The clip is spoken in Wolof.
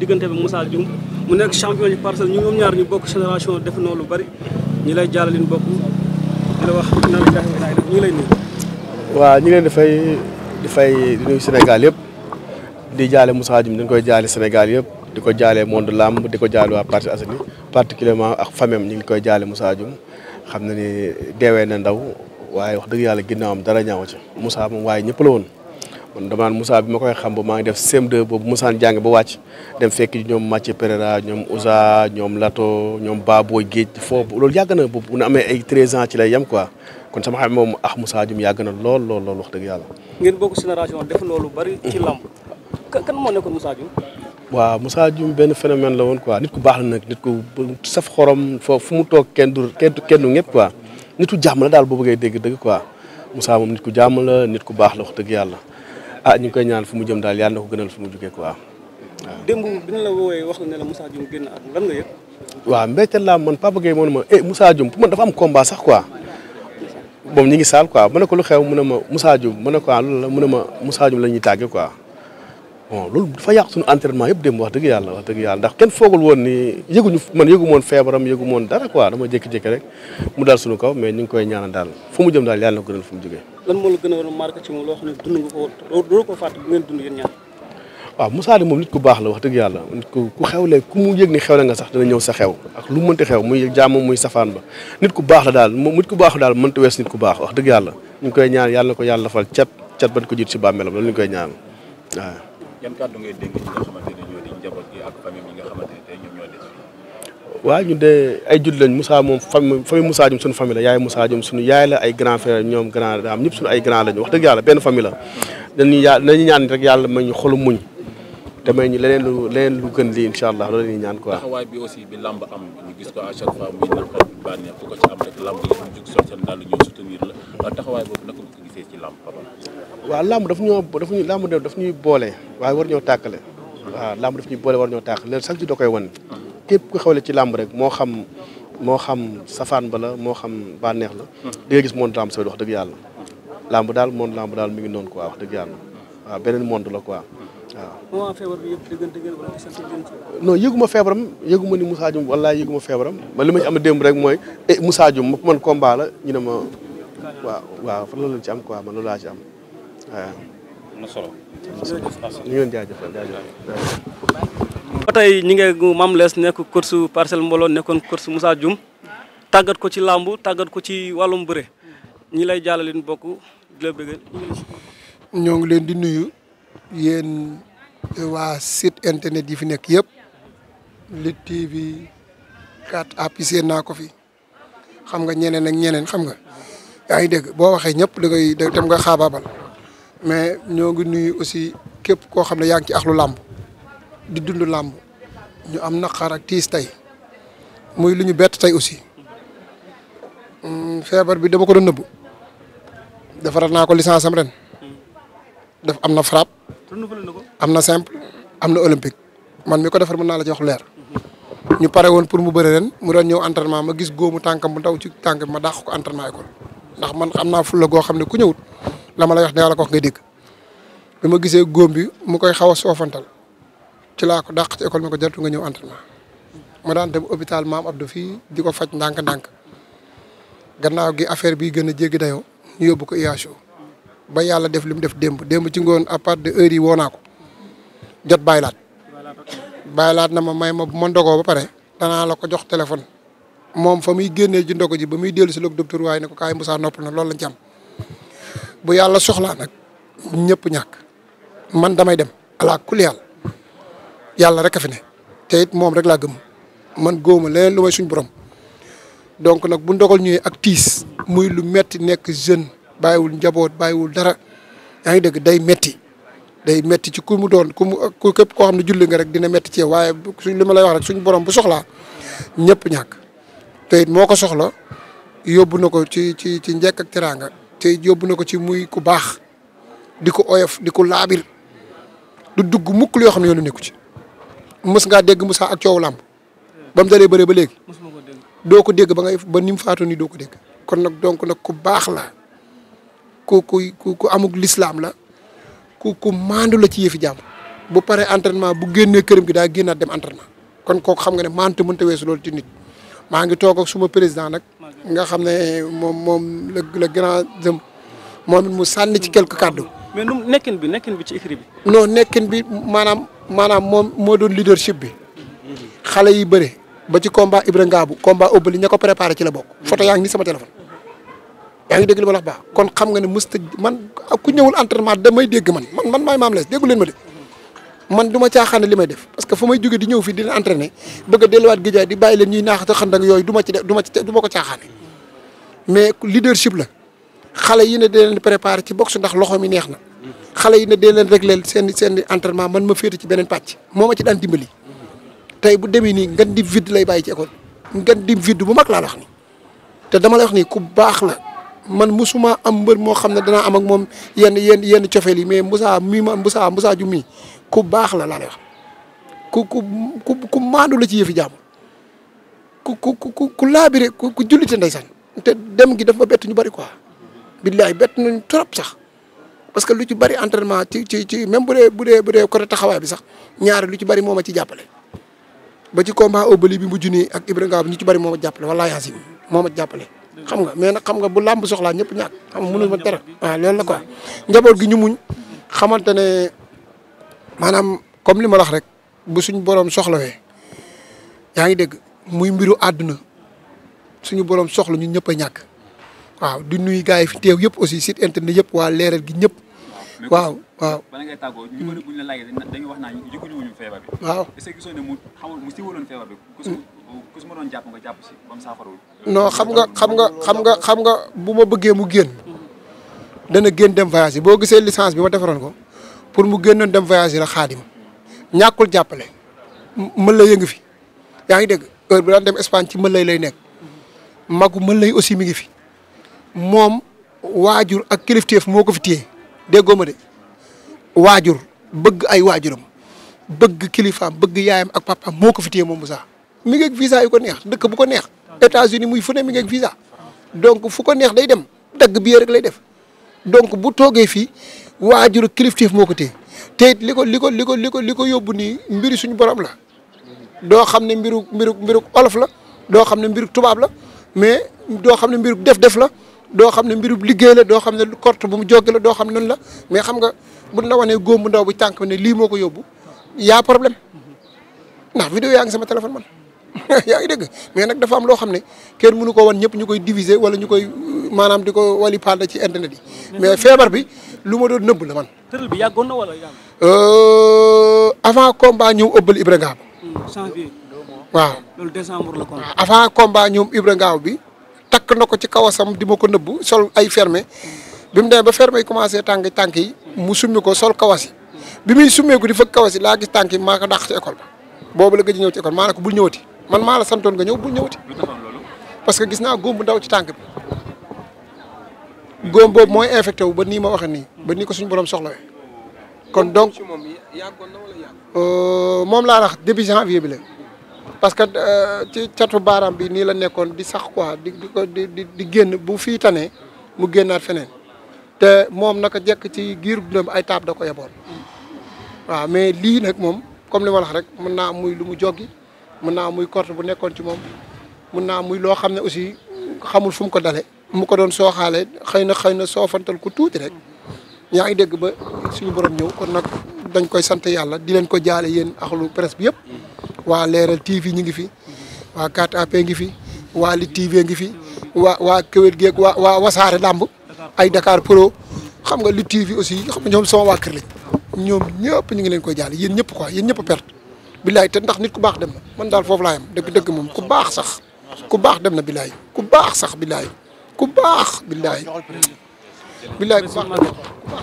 diggante bi Moussa Dioum mu nekk champion ci parcelle ñu ñoom ñaar ñu bokk génération def noonu lu bari ñi lay jaarale ñu bokk di lay nuyu. waaw ñi leen dafay fay di fay Sénégal yëpp di jaale Moussa Dioum dañ koy jaale Sénégal yëpp di ko jaale monde làmb di ko jaale waa Parcelles Assainies particulièrement ak famem ñu ngi koy jaale musa Dioum xam na ni deewee na ndaw waaye wax dëgg yàlla ginnaawam dara ñaaw ci Moussa moom waaye ñëpp la woon. man damaan Moussa bi ma koy xam ba maa ngi def CM2 boobu Moussa jàng ba wàcc dem fekk ñoom Mathieu Pereira ñoom Ousa ñoom Lato ñoom Baboy Géej foofu loolu yàgg na boobu bu ñu amee ay 13 ans ci lay yem quoi kon sama xam moom ah Moussa Dioum yàgg na lool lool wax dëgg yàlla. ngeen bokk génération def loolu bari ci mm-hmm. lamb kan moo nekkoon musaa Dioum. waaw Moussa Dioum benn phénomène la woon quoi nit ku baax la nag nit ku saf xorom foofu fu mu toog kenn du kenn kenn du ñëpp quoi nitu jàmm la daal boo bëggee dégg dëgg quoi Moussa moom nit ku jàmm nit ku baax la dëgg yàlla ah ñu ngi koy ñaan fu mu jëm daal yàlla na ko gënal fu mu jugee quoi waaw. démb bi ñu la woowee wax na ne la Moussa Dioum génn àdduna lan nga yëg. waaw mbéyteel laa man Papa Gueye moo ma eh Moussa Dioum pour man dafa am combat sax quoi moom ñi ngi saal quoi ma ne ko lu mu ne ma Moussa Dioum ma ne ko ah la mu ne ma Moussa Dioum la ñuy tàggee quoi. bon loolu dafa yàq suñu entraînement yëpp dem wax dëgg yàlla wax dëgg yàlla ndax kenn foogul woon ni yëguñu man yëgu moon feebaram yëgu moon dara quoi dama jékki-jékki rek mu dal suñu kaw mais ñu ngi koy ñaanal daal fu mu jëm daal yàlla na fu mu jógee lan moo la gën a war a marqué ci moom loo dund nga ko doo ko fàtte bu ngeen dund yéen waaw Moussa moom nit ku baax la wax dëgg yàlla nit ku xew xewle ku mu yëg ni xewle nga sax dana ñëw sa xew ak lu mënti xew muy jàmm muy safaan ba nit ku baax la daal moom nit ku baax la daal mënta wees nit ku baax wax dëgg yàlla ñu ngi koy ñaan yàlla ko yàlla fal cat cat bañ ko jiit si bàmmeelam loolu ñu koy ñaan waaw. yan nga xamante ne waaw ñu de ay judd lañ Moussa moom famille famille Moussa Dioum suñu famille la yaay Moussa Dioum suñu yaay la ay grand frère ñoom grand daam ñëpp suñu ay grand lañu wax dëgg yàlla benn famille la dañuy yàlla nañu ñaan rek yàlla may ñu xolu muñ damay ñu leneen lu leneen lu gën lii incha allah loolu la ñuy ñaan quoi. taxawaay bi aussi bi lamb am ñu gis ko à chaque fois muy naqar bi bànneex ku ko ci am rek lamb yi ñu jug sol seen dàll ñu soutenir la taxawaay boobu naka nga ko gisee ci lamb papa. waaw lamb daf ñoo daf ñuy lamb daf ñuy boole waaye war ñoo tàkkale. Hmm. waaw lamb daf ñuy boole war ñoo tàkkale loolu sax ci da koy wan hmm. képp ku la ci làmb rek moo xam moo xam safaan ba la moo xam bànneex la. di nga gis monde làmb sooy wax dëgg yàlla. làmb daal monde làmb daal mi ngi noonu quoi wax dëgg yàlla waaw beneen monde la quoi. waaw moment yëgu ma feebaram yëgu ma ni Moussa Dioum wallaahi yëgu ma feebaram ma li ma ci am démb rek mooy eh Moussa Dioum ma man combat ñu ne ma. waaw waaw fan la leen ci am quoi man loolu laa ci am waaw. am na solo. ñu ngi leen jaajëfal ba tey ñi ngeeg Mame Less nekk coach Parcelles Mbollo nekkoon coach Moussa Dioum tàggat ko ci làmb tàggat ko ci wàllum bëre ñi lay jàllale leen bokk di la ñoo ngi leen di nuyu yéen waa sit internet yi fi nekk yëpp Lutte TV 4 appuisé naa ko fi xam nga ñeneen ak ñeneen xam nga yaa ngi dégg boo waxee ñëpp da ngay tam nga xaabaabal mais ñoo ngi nuyu aussi képp koo xam ne yaa ngi ci axlu làmb di dund làmbu ñu am naqar ak tiis tey muy lu ñu bett tey aussi hmm, feebar bi dama ko doon nëbbu defaral naa ko licence am ren def am na frappe am na simple am na olympique man mi ko defar mun naa la ci leer ñu pare woon pour mu bëri ren mu doon ñëw entraînement ma gis góomu tànkam bu ndaw ci tànk bi ma dàq ko entraînement école ndax man am naa fulla goo xam ne ku ñëwut la ma lay wax dinaa ko wax ngay dégg bi ma gisee góom bi mu koy xaw a soofantal ci laa ko dàq école ma ko jartu nga ñëw entraînement ma daan dem hôpital maam Abdou fii di ko faj ndànk-ndànk gannaaw gi affaire bi gën a jéggi dayoo ñu yóbbu ko IHO ba yàlla def li mu def démb démb ci ngoon à part de heure yi woo naa ko jot baylaat bàyyilaat na ma may ma bu ma ndogoo ba pare danaa la ko jox téléphone moom fa muy génnee ji ndogo ji ba muy dellu si loog docteur waaye ne ko kaay Moussa nopp na loolu lañ ci bu yàlla soxla nag ñëpp ñàkk man damay dem ala yàlla rek a fi ne te moom rek laa gëm man ma leneen lu may suñ borom donc nag bu ndogal ñëwee ak tiis muy lu metti nekk jeune bàyyiwul njaboot bàyyiwul dara yaa ngi dégg day metti day metti ci ku mu doon ku mu képp koo xam ne julli nga rek dina metti ci yow waaye suñ li ma lay wax rek suñ borom bu soxlaa ñëpp ñàkk te moo ko soxla yóbbu na ko ci ci ci njekk ak teraanga te yóbbu na ko ci muy ku baax di ko oyof di ko laabir du dugg mukk yoo xam ne yoonu nekku ci mës ngaa dégg Moussa ak coow làmb ba mu dalee bëre ba léegi doo ko dégg ba ngay ba ni mu faatu nii doo ko dégg kon nag donc nag ku baax la ku ku ku amuk lislaam la ku ku maandu la ci yëfi jàmm bu paree entraînement bu génnee këram gi daa a dem entraînement kon kooku xam nga ne maantu mënta weesu loolu ci nit maa ngi toog ak suma président nag nga xam ne moom moom la la grand jëm moom it mu sànni ci quelques kàddu mais nekkin bi nekkin bi ci écrit bi nekkin bi maanaam maanaam moom moo doon leadership bi xale yi bëre ba ci combat Ibra Ngaabu combat Obali ña ko préparé ci la bokk. photo yaa ngi ni sama téléphone. yaa ngi dégg li ma la wax baax kon xam nga ne mësta man ku ñëwul entraînement damay dégg man man man maay Mame Less déggu leen ma de. man du ma caaxaan li may def parce que foo may jóge di ñëw fii dina entraîné bëgg a delluwaat géejaay di bàyyi leen ñuy naaxata xandak yooyu du ma ci def du ma ci du ma ko caaxaane mais leadership la xale yi ne di leen préparé ci boxe ndax loxo mi neex na xale yi ne dee leen régler seen seen entraînement man ma féete ci beneen pàcc moo ma ci daan dimbali tey bu demee nii ngan di vide lay bàyyi ci école ngan di vide bu mag laa la wax ni te dama la wax ni ku baax la man musuma am mbër moo xam ne danaa am ak moom yenn yenn yenn cofeel yi mais Moussa mii ma Moussa ju mii ku baax la laa lay wax ku ku ku ku maandu la ci yëfi jàmm ku ku ku ku laabire ku jullite ndeysaan te dem gi daf ma bett ñu bari quoi billaay bett nañu trop sax parce que lu ci bari entraînement ci ci ci même bu dee bu dee bu dee côté taxawaay bi sax ñaari lu ci bari moom a ci jàppale. ba ci combat obali bi mu junni ak Ibrahima ñu ci bari moo ma jàppale wala Yacine moo ma jàppale. xam nga mais nag xam nga bu làmb soxlaa ñëpp ñàkk xam nga mënul ma tere. waaw loolu la quoi njaboot gi ñu muñ. xamante ne maanaam comme li ma wax rek bu suñu boroom soxlawee yaa ngi dégg muy mbiru àdduna suñu borom soxla ñu ñëpp ñàkk. waaw di nuyu gars yi fu teew yëpp aussi site internet yëpp waa leeral gi ñëpp waaw waaw bala ngay tàggoo ñu bëri bu ñu naa yëguñu wuñu feebar bi waaw est-ce mu xamul mu siiwaloon feebar bi ku su ku su ma nga xam nga xam nga xam nga xam nga bu ma bëggee mu génn dana génn dem voyage boo gisee licence bi ma defaroon ko pour mu génnoon dem voyage yi la xaadim ñàkkul jàppale mën la yëngu fi yaa ngi dégg bi daan dem Espagne ci mën lay lay nekk magu mën lay aussi mi ngi fi moom waajur ak kilifteef moo ko fi téye déggoo ma de waajur bëgg ay waajuram bëgg kilifaam bëgg yaayam ak papaam moo ko fi téye moom bu mi ngi ak visa yu ko neex dëkk bu ko neex États-Unis muy fu ne mi ngi ak visa donc fu ko neex day dem dagg bi rek lay def donc bu toogee fii waajur kilifteef moo ko téye te it li ko li ko li ko li li ko yóbbu nii mbiru suñu borom la doo xam ne mbiru mbiru mbiru olof la doo xam ne mbiru tubaab la mais doo xam ne mbiru def-def la doo xam ne mbirub liggéey la doo xam ne corte bu mu jóge la doo xam nan la mais xam nga buñ la wanee góom bu ndaw bu tànk ne lii moo ko yóbbu yaa problème ndax vidéo yaa ngi sama téléphone man yaa ngi dégg mais nag dafa am loo xam ne kenn mënu ko wan ñëpp ñu koy diviser wala ñu koy maanaam di ko wali paal ci internet yi. mais feebar bi lu ma doon nëbb la man. bi yàggoon na wala euh, avant combat ñëw ëbbal Ibra Ngaaw. Hmm, loolu décembre la kon. avant combat ñoom Ibra Ngaaw bi. takk na ko ci kawasam di ma ko nëbbu sol ay fermé bi mu demee ba fermé yi commencé tànk tànk yi mu summi ko sol kawasi bi muy summee ko di fëgg kawas yi laa gis tànk yi maa dax ci école ba boobu la gëj ñëw ci école maa ne ko bul ñëwati man maa la santoon nga ñëw bul ñëwati parce que gis naa góom bu ndaw ci tànk bi góom boobu mooy infecté wu ba nii ma waxee nii ba nii ko suñu borom soxlawee kon donc euh, moom laa wax début janvier bi la parce que euh, ci catu baaraam bi nii la nekkoon di sax quoi di génn bu fii tane mu génnaat feneen te moom naka jekk ci giirub dundam ay taab da ko yeboon waaw mais lii nag moom comme li ma wax rek mën naa muy lu mu joggi mën naa muy korte bu nekkoon ci moom mun naa muy loo xam ne aussi xamul fu mu ko dale mu ko doon sooxaale xëy na xëy na soofantal ku tuuti rek yaa ngi dégg ba suñu borom ñëw kon nag dañ koy sant yàlla di leen ko jaale yéen axlu presse bi yëpp waa Leeral TV ñu ngi fi waa 4 ngi fi waa Li TV ngi fi waa waa Kewel Geek waa waa Wasaare Lamb ay Dakar Pro xam nga Li TV aussi xam nga ñoom sama waa kër lañ ñoom ñëpp ñu ngi leen koy jàll yéen ñëpp quoi yéen ñëpp perte. billaay te ndax nit ku baax dem na man daal foofu laa yam dëgg-dëgg moom ku baax sax ku baax dem na billaay ku baax sax billaay ku baax billaay billaay